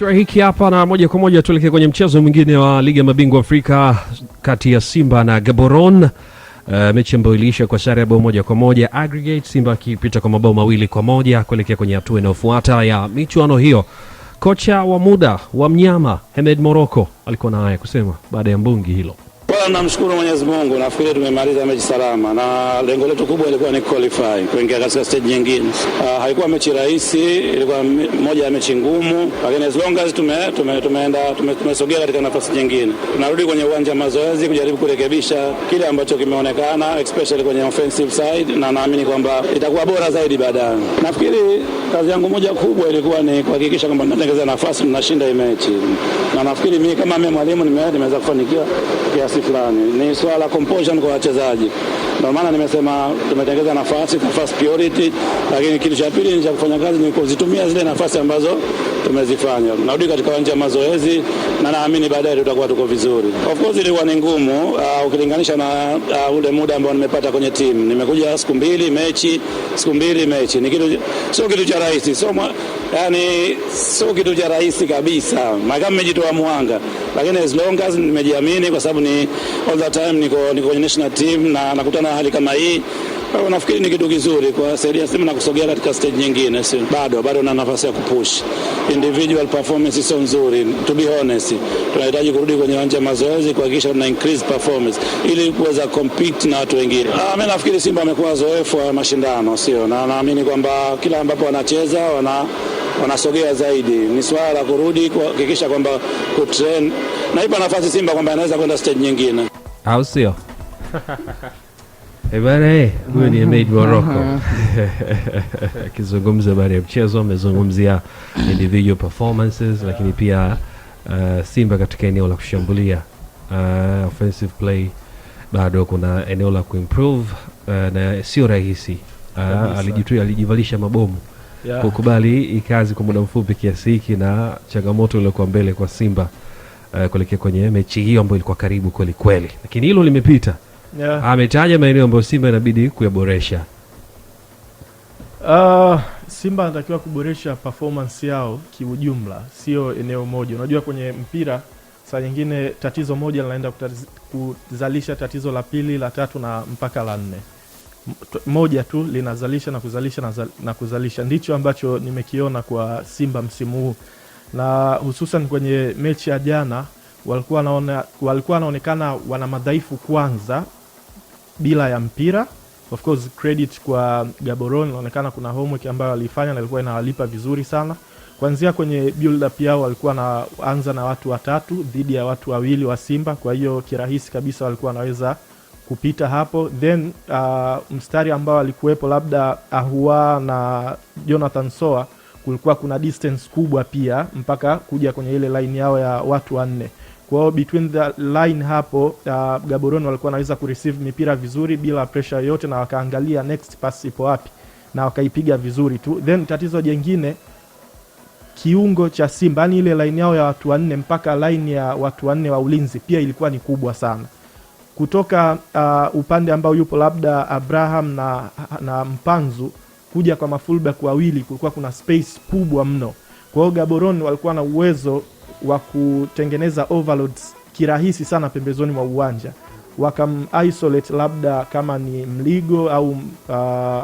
Sura hiki hapa na moja kwa moja tuelekee kwenye mchezo mwingine wa ligi ya mabingwa Afrika kati ya Simba na Gaborone. Uh, mechi ambayo iliisha kwa sare ya bao moja kwa moja aggregate, Simba akipita kwa mabao mawili kwa moja kuelekea kwenye hatua inayofuata ya michuano hiyo. Kocha wa muda wa mnyama Hemed Moroko alikuwa na haya kusema baada ya mbungi hilo. Kwanza namshukuru Mwenyezi Mungu, nafikiri tumemaliza mechi salama, na lengo letu kubwa ilikuwa ni qualify kuingia katika stage nyingine. Uh, haikuwa mechi rahisi, ilikuwa moja ya mechi ngumu, lakini as long as tume, tume, tumeenda tume, tume katika nafasi nyingine. Tunarudi kwenye uwanja mazoezi kujaribu kurekebisha kile ambacho kimeonekana especially kwenye offensive side, na naamini kwamba itakuwa bora zaidi baadaye. Nafikiri kazi yangu moja kubwa ilikuwa ni kuhakikisha kwamba tunatengeneza nafasi, tunashinda hii mechi, na nafikiri mimi kama mimi mwalimu nimeweza kufanikiwa kiasi fulani, ni swala composition kwa wachezaji. Ndio maana nimesema tumetengeza nafasi kwa first priority, lakini kitu cha pili ni cha kufanya kazi ni kuzitumia zile nafasi ambazo tumezifanya. Narudi katika uwanja wa mazoezi na naamini baadaye tutakuwa tuko vizuri. Of course ilikuwa ni ngumu uh, ukilinganisha na uh, ule muda ambao nimepata kwenye timu. Nimekuja siku mbili mechi, siku mbili mechi. Ni kitu sio kitu cha rahisi. Sio yani sio kitu cha rahisi kabisa, kama nimejitoa mwanga, lakini as long as nimejiamini, kwa sababu ni all the time niko niko kwenye national team na nakutana na hali kama hii nafikiri ni kitu kizuri kwa saidia Simba na kusogea katika stage nyingine. Si bado bado na nafasi ya kupush. Individual performance sio nzuri, to be honest. Tunahitaji kurudi kwenye uwanja wa mazoezi kuhakikisha tuna increase performance ili kuweza compete na watu wengine. Ah, mimi nafikiri Simba amekuwa zoefu wa mashindano, sio na naamini kwamba kila ambapo wanacheza wana wanasogea zaidi. Ni swala la kurudi kuhakikisha kwamba kutrain naipa nafasi Simba kwamba anaweza kwenda stage nyingine, au sio? Ebare, eh, eh, huyo ni Emeid Morocco akizungumza baada ya mchezo. Amezungumzia individual performances, lakini pia uh, Simba katika eneo la kushambulia uh, offensive play bado kuna eneo la kuimprove uh, na sio rahisi uh, alijivalisha mabomu yeah. kukubali hii kazi kwa muda mfupi kiasi hiki na changamoto iliyokuwa mbele kwa Simba uh, kuelekea kwenye mechi hiyo ambayo ilikuwa karibu kweli kweli, lakini hilo limepita. yeah. ametaja maeneo ambayo Simba inabidi kuyaboresha. Uh, Simba anatakiwa kuboresha performance yao kiujumla, sio eneo moja. Unajua kwenye mpira saa nyingine tatizo moja linaenda kuzalisha tatizo la pili la tatu na mpaka la nne moja tu linazalisha na kuzalisha na, na kuzalisha. Ndicho ambacho nimekiona kwa Simba msimu huu, na hususan kwenye mechi ya jana walikuwa wanaonekana wana madhaifu kwanza bila ya mpira. Of course credit kwa gaboron inaonekana kuna homework ambayo walifanya na ilikuwa inawalipa vizuri sana kwanzia kwenye build yao walikuwa wanaanza na watu watatu dhidi ya watu wawili wa Simba, kwa hiyo kirahisi kabisa walikuwa wanaweza kupita hapo, then uh, mstari ambao alikuwepo labda Ahua uh, na Jonathan Soa, kulikuwa kuna distance kubwa pia mpaka kuja kwenye ile line yao ya watu wanne. kwao between the line hapo, uh, gaboroni walikuwa wanaweza kureceive mipira vizuri bila pressure yoyote, na wakaangalia next pass ipo wapi na wakaipiga vizuri tu. Then tatizo jengine kiungo cha Simba, yani ile line yao ya watu wanne mpaka line ya watu wanne wa ulinzi pia ilikuwa ni kubwa sana kutoka uh, upande ambao yupo labda Abraham na, na Mpanzu kuja kwa mafulbak wawili kulikuwa kuna space kubwa mno. Kwa hiyo Gaborone walikuwa na uwezo wa kutengeneza overloads kirahisi sana pembezoni mwa uwanja, wakamisolate labda kama ni Mligo au, uh,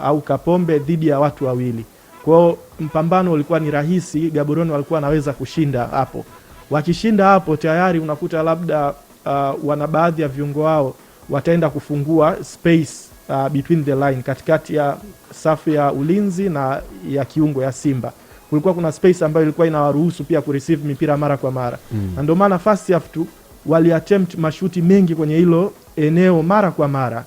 au Kapombe dhidi ya watu wawili. Kwa hiyo mpambano ulikuwa ni rahisi, Gaborone walikuwa anaweza kushinda hapo. Wakishinda hapo tayari unakuta labda uh, wana baadhi ya viungo wao wataenda kufungua space uh, between the line, katikati ya safu ya ulinzi na ya kiungo ya Simba kulikuwa kuna space ambayo ilikuwa inawaruhusu pia kureceive mipira mara kwa mara mm. na ndio maana first half tu attempt mashuti mengi kwenye hilo eneo mara kwa mara,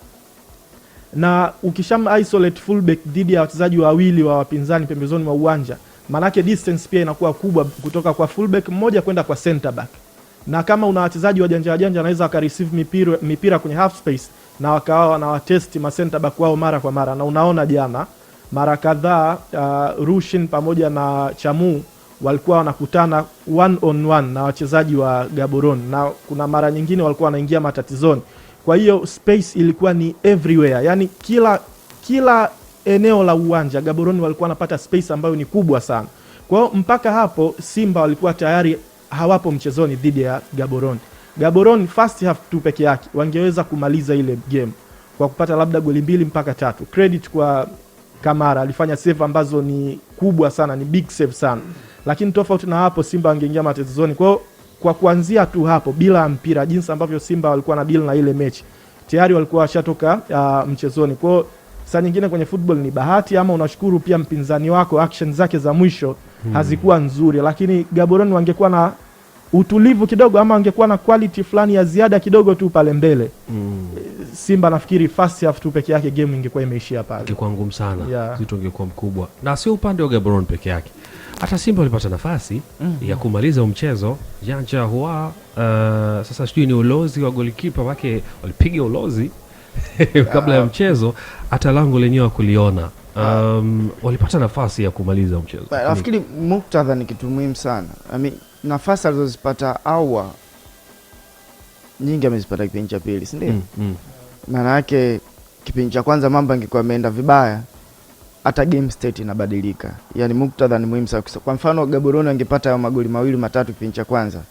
na ukisham isolate fullback dhidi ya wachezaji wawili wa wapinzani pembezoni mwa uwanja, maanake distance pia inakuwa kubwa kutoka kwa fullback mmoja kwenda kwa center back na kama una wachezaji wajanja wajanja anaweza wakareceive mipira, mipira kwenye half space na wakawa wanawatesti masenta back wao mara kwa mara, na unaona jana mara kadhaa uh, Rushin pamoja na Chamu walikuwa wanakutana one on one na wachezaji wa Gaborone na kuna mara nyingine walikuwa wanaingia matatizoni. Kwa hiyo space ilikuwa ni everywhere, yani kila kila eneo la uwanja Gaborone walikuwa wanapata space ambayo ni kubwa sana. Kwa hiyo mpaka hapo Simba walikuwa tayari hawapo mchezoni dhidi ya Gaborone. Gaborone first half tu peke yake wangeweza kumaliza ile game kwa kupata labda goli mbili mpaka tatu. Credit kwa Kamara alifanya save ambazo ni kubwa sana, ni big save sana, lakini tofauti na hapo Simba wangeingia matezoni. Kwa hiyo kwa kuanzia tu hapo bila mpira, jinsi ambavyo Simba walikuwa na deal na ile mechi tayari walikuwa washatoka uh, mchezoni kwao Saa nyingine kwenye football ni bahati ama unashukuru pia mpinzani wako action zake za mwisho hmm, hazikuwa nzuri, lakini gaboroni wangekuwa na utulivu kidogo ama angekuwa na quality fulani ya ziada kidogo tu pale mbele mm. Simba nafikiri first half tu peke yake game ingekuwa imeishia pale, ingekuwa ngumu sana yeah. Zito ungekuwa mkubwa, na sio upande wa Gaborone peke yake, hata Simba walipata nafasi mm ya kumaliza mchezo janja hua. Uh, sasa sijui ni ulozi wa golikipa wake, walipiga ulozi kabla ya mchezo hata lango lenyewe hakuliona. Ah. Um, walipata nafasi ya kumaliza mchezo. Nafikiri muktadha ni kitu muhimu sana. I mean, nafasi alizozipata awa nyingi amezipata kipindi cha pili, sindio mm, mm. Maana yake kipindi cha kwanza mambo angekuwa ameenda vibaya, hata game state inabadilika. Yani muktadha ni muhimu sana. Kwa mfano gaboroni angepata magoli mawili matatu kipindi cha kwanza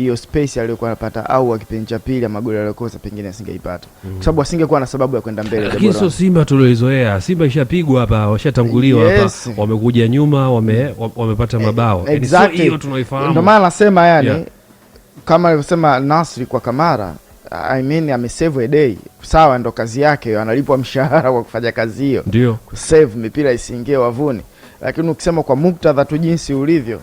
hiyo space aliyokuwa anapata au wa kipindi cha pili ya magoli aliyokosa pengine asingeipata mm. kwa sababu asingekuwa na sababu ya kwenda mbele. Lakini sio Simba tulioizoea. Simba ishapigwa hapa, washatanguliwa hapa, wamekuja nyuma, wame, mm. wamepata mabao yaani hiyo, exactly. tunaifahamu. Ndio maana nasema yani, yeah. kama alivyosema Nasri kwa Kamara I mean, amesave a day sawa, ndo kazi yake, analipwa mshahara kwa kufanya kazi hiyo, ndio kusave mipira isiingie wavuni, lakini ukisema kwa muktadha tu jinsi ulivyo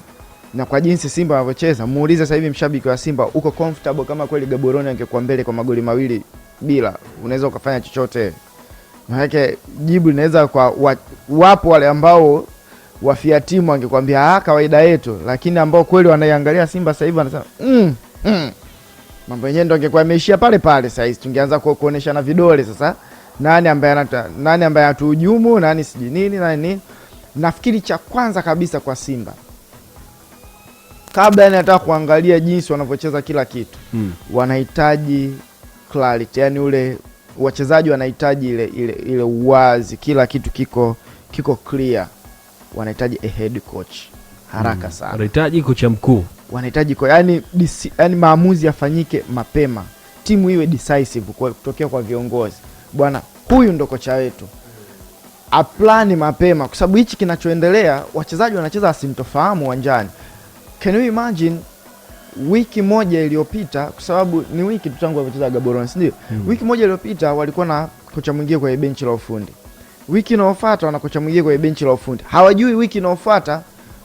na kwa jinsi Simba wanavyocheza, muulize sasa hivi mshabiki wa Simba, uko comfortable kama kweli Gaborone angekuwa mbele kwa magoli mawili bila, unaweza ukafanya chochote? Maanake jibu linaweza kwa wa, wapo wale ambao wafia timu angekwambia ah, kawaida yetu, lakini ambao kweli wanaiangalia Simba sasa hivi wanasema mm, mm. Mambo yenyewe ndo angekuwa ameishia pale pale. Sasa hizi tungeanza na vidole sasa, nani ambaye anata, nani ambaye atuhujumu, nani siji nini, nani nini. Nafikiri cha kwanza kabisa kwa Simba kabla yani hata kuangalia jinsi wanavyocheza kila kitu mm. wanahitaji clarity, yani ule wachezaji wanahitaji ile, ile, ile uwazi, kila kitu kiko kiko clear. Wanahitaji a head coach haraka mm. sana, wanahitaji kocha mkuu, wanahitaji yani, yani maamuzi yafanyike mapema, timu iwe decisive kutokea kwa viongozi, bwana huyu ndo kocha wetu aplani mapema, kwa sababu hichi kinachoendelea, wachezaji wanacheza asimtofahamu uwanjani. Can you imagine wiki moja iliyopita, kwa sababu ni wiki tu tangu wamecheza Gaborone, si ndio? mm. wiki moja iliyopita walikuwa na kocha mwingine kwenye benchi la ufundi, wiki inayofuata wana kocha mwingine kwenye benchi la ufundi, hawajui wiki inayofuata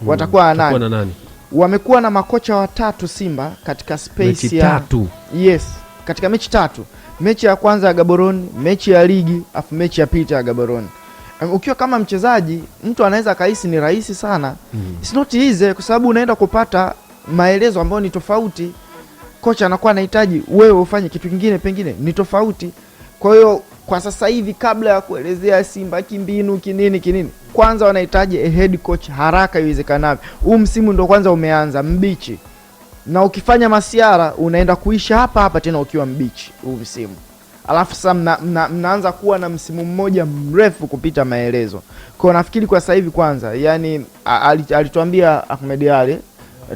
mm. watakuwa nani, na nani. Wamekuwa na makocha watatu Simba katika space mechi ya tatu. Yes, katika mechi tatu, mechi ya kwanza ya Gaborone, mechi ya ligi afu mechi ya pili ya Gaborone ukiwa kama mchezaji, mtu anaweza kahisi ni rahisi sana mm. It's not easy kwa sababu unaenda kupata maelezo ambayo ni tofauti. Kocha anakuwa anahitaji wewe ufanye kitu kingine, pengine ni tofauti. Kwa hiyo kwa sasa hivi, kabla ya kuelezea Simba kimbinu kinini kinini, kwanza wanahitaji a head coach haraka iwezekanavyo. Huu msimu ndo kwanza umeanza mbichi, na ukifanya masiara unaenda kuisha hapa hapa tena ukiwa mbichi huu msimu alafu sasa mna, mna, mnaanza kuwa na msimu mmoja mrefu kupita maelezo. Kwa nafikiri kwa sasa hivi kwanza, yani alituambia Ahmed Ali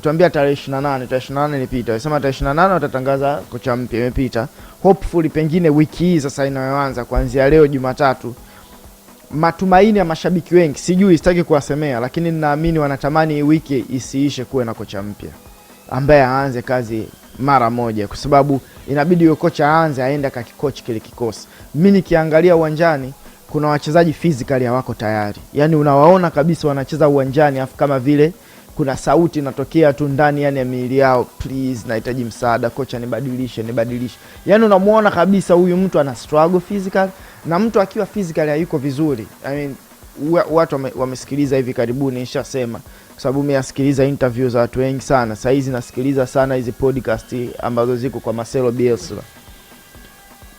tuambia tarehe ishirini na nane tarehe ishirini na nane ilipita, alisema tarehe ishirini na nane watatangaza kocha mpya, imepita. Hopefully pengine wiki hii sasa inayoanza kuanzia leo Jumatatu, matumaini ya mashabiki wengi, sijui, sitaki kuwasemea, lakini ninaamini wanatamani wiki isiishe kuwe na kocha mpya ambaye aanze kazi mara moja, kwa sababu inabidi huyo kocha aanze aende akakikochi kile kikosi. Mi nikiangalia uwanjani kuna wachezaji physically hawako tayari, yani unawaona kabisa wanacheza uwanjani, afu kama vile kuna sauti inatokea tu ndani yani ya miili yao, please, nahitaji msaada, kocha nibadilishe, nibadilishe. Yani unamwona kabisa huyu mtu ana struggle physical, na mtu akiwa physically hayuko vizuri. I mean, watu wamesikiliza hivi karibuni nishasema kwa sababu mimi nasikiliza interview za watu wengi sana. Sasa hizi nasikiliza sana hizi podcast ambazo ziko kwa Marcelo Bielsa,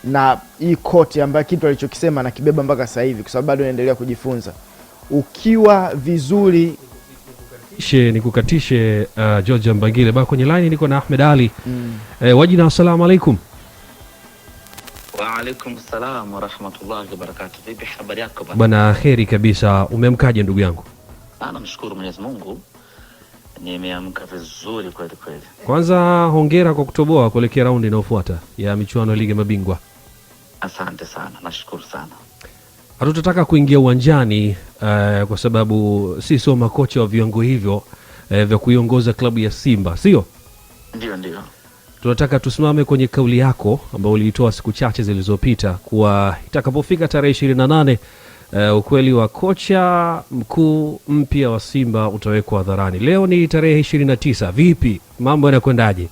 na hii kote ambayo kitu alichokisema nakibeba mpaka sasa hivi, kwa sababu bado naendelea kujifunza. Ukiwa vizuri nikukatishe uh, George Mbangile ba kwenye line niko na Ahmed Ali mm. Eh, wajina, assalamu alaikum. Wa alaikum wa rahmatullahi wa barakatuh. Vipi habari yako bana? heri kabisa. umemkaje ndugu yangu? sana, mshukuru Mwenyezi Mungu, nimeamka vizuri kweli kweli. Kwanza hongera kwa kutoboa kuelekea raundi inayofuata ya michuano ya ligi mabingwa. Asante sana, nashukuru sana. Hatutataka kuingia uwanjani uh, kwa sababu si sio makocha wa viwango hivyo uh, vya kuiongoza klabu ya Simba, sio ndio? Ndio, tunataka tusimame kwenye kauli yako ambayo uliitoa siku chache zilizopita kuwa itakapofika tarehe ishirini na nane Uh, ukweli wa kocha mkuu mpya wa Simba utawekwa hadharani. Leo ni tarehe ishirini na tisa. Vipi mambo yanakwendaje?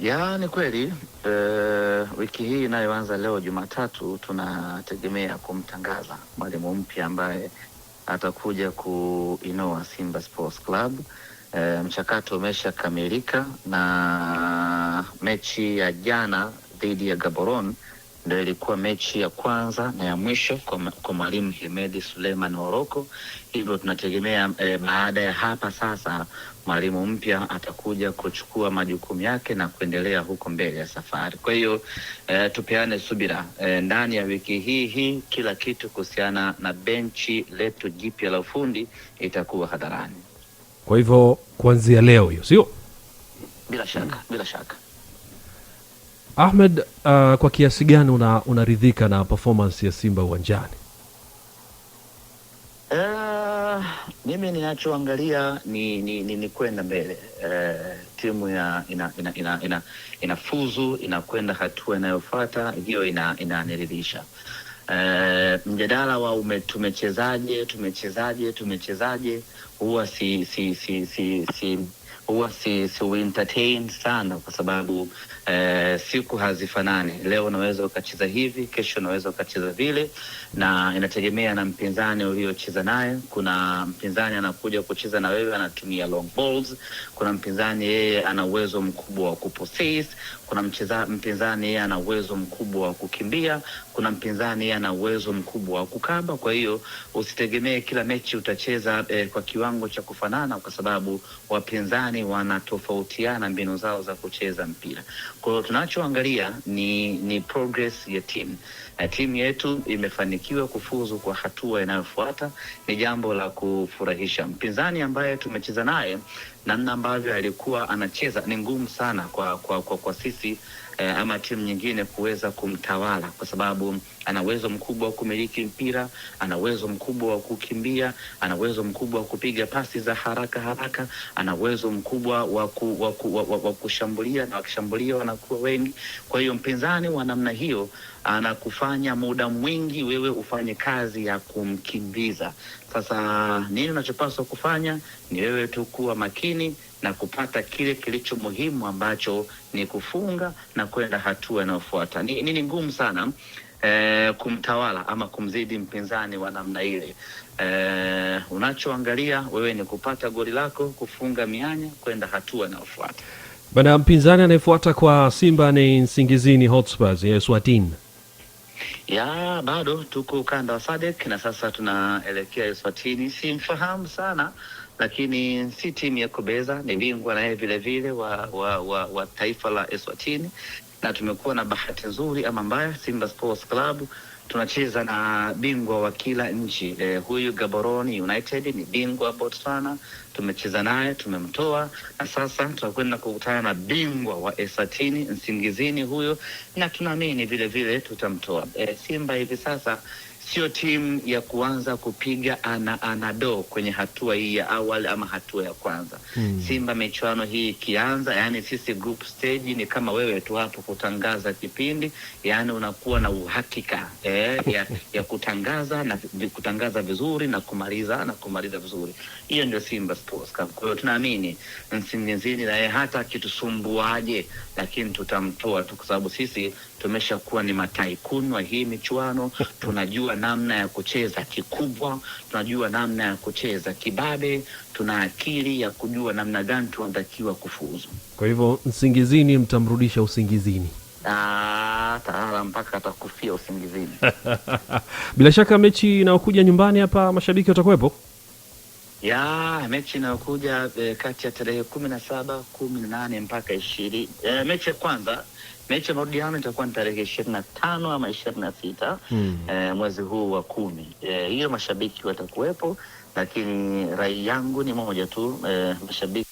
Ya, ni kweli uh, wiki hii inayoanza leo Jumatatu tunategemea kumtangaza mwalimu mpya ambaye atakuja kuinoa Simba Sports Club. Uh, mchakato umeshakamilika na mechi ya jana dhidi ya Gaborone ndo ilikuwa mechi ya kwanza na ya mwisho kwa mwalimu himedi Suleiman Oroko. Hivyo tunategemea e, baada ya hapa sasa mwalimu mpya atakuja kuchukua majukumu yake na kuendelea huko mbele ya safari. Kwa hiyo e, tupeane subira e, ndani ya wiki hii hii kila kitu kuhusiana na benchi letu jipya la ufundi itakuwa hadharani. Kwa hivyo kuanzia leo hiyo, sio bila shaka, bila shaka Ahmed, uh, kwa kiasi gani unaridhika una na performance ya Simba uwanjani? Uh, mimi ninachoangalia ni, ni, ni, ni kwenda mbele uh, timu ya ina ina ina, ina, ina fuzu inakwenda hatua inayofuata, hiyo inaniridhisha ina uh, eh, mjadala wa ume, tumechezaje tumechezaje tumechezaje huwa si si si si, si huwa si, si entertain sana kwa sababu eh, siku hazifanani. Leo unaweza ukacheza hivi, kesho unaweza ukacheza vile, na inategemea na mpinzani uliocheza naye. Kuna mpinzani anakuja kucheza na wewe anatumia long balls, kuna mpinzani yeye ana uwezo mkubwa wa kupossess, kuna mcheza, mpinzani yeye ana uwezo mkubwa wa kukimbia, kuna mpinzani yeye ana uwezo mkubwa wa kukaba. Kwa hiyo usitegemee kila mechi utacheza eh, kwa kiwango cha kufanana kwa sababu wapinzani fulani wanatofautiana mbinu zao za kucheza mpira. Kwa hiyo tunachoangalia ni, ni progress ya timu na timu yetu imefanikiwa kufuzu kwa hatua inayofuata, ni jambo la kufurahisha. Mpinzani ambaye tumecheza naye, namna ambavyo alikuwa anacheza ni ngumu sana kwa, kwa, kwa, kwa sisi eh, ama timu nyingine kuweza kumtawala, kwa sababu ana uwezo mkubwa wa kumiliki mpira, ana uwezo mkubwa wa kukimbia, ana uwezo mkubwa wa kupiga pasi za haraka haraka, ana uwezo mkubwa wa waku, kushambulia na wakishambulia wanakuwa wengi. Kwa hiyo mpinzani wa namna hiyo anakufanya muda mwingi wewe ufanye kazi ya kumkimbiza sasa nini unachopaswa kufanya ni wewe tu kuwa makini na kupata kile kilicho muhimu ambacho ni kufunga na kwenda hatua inayofuata. Ni nini ngumu sana e, kumtawala ama kumzidi mpinzani wa namna ile. E, unachoangalia wewe ni kupata goli lako, kufunga mianya, kwenda hatua inayofuata. Bana, mpinzani anayefuata kwa Simba ni Nsingizini Hotspurs ya Eswatini ya bado tuko ukanda wa Sadek na sasa tunaelekea Eswatini. Simfahamu sana lakini si timu ya kubeza ni bingwa naye vilevile wa, wa, wa, wa taifa la Eswatini na tumekuwa na bahati nzuri ama mbaya, Simba Sports Club tunacheza na bingwa wa kila nchi eh, huyu gaboroni United ni bingwa Botswana, tumecheza naye tumemtoa, na sasa tutakwenda kukutana na bingwa wa esatini Nsingizini huyo, na tunaamini vile vile tutamtoa. Eh, Simba hivi sasa sio timu ya kuanza kupiga ana anado kwenye hatua hii ya awali ama hatua ya kwanza hmm. Simba michuano hii ikianza, yani sisi group stage ni kama wewe tu hapo kutangaza kipindi, yani unakuwa na uhakika eh, ya, ya kutangaza na kutangaza vizuri na kumaliza na kumaliza vizuri. Hiyo ndio Simba Sports Kwa hiyo tunaamini msingizini naye hata akitusumbuaje, lakini tutamtoa tu kwa sababu sisi tumeshakuwa ni mataikun wa hii michuano, tunajua namna ya kucheza kikubwa, tunajua namna ya kucheza kibabe, tuna akili ya kujua namna gani tunatakiwa kufuzu. Kwa hivyo msingizini mtamrudisha usingizini. taala mpaka atakufia usingizini. Bila shaka mechi inayokuja nyumbani hapa mashabiki watakuwepo ya mechi inayokuja e, kati ya tarehe kumi na saba kumi na nane mpaka ishirini e, mechi ya kwanza mechi ya marudiano itakuwa ni tarehe ishirini na tano ama ishirini na sita hmm. e, mwezi huu wa kumi hiyo mashabiki watakuwepo, lakini rai yangu ni moja tu e, mashabiki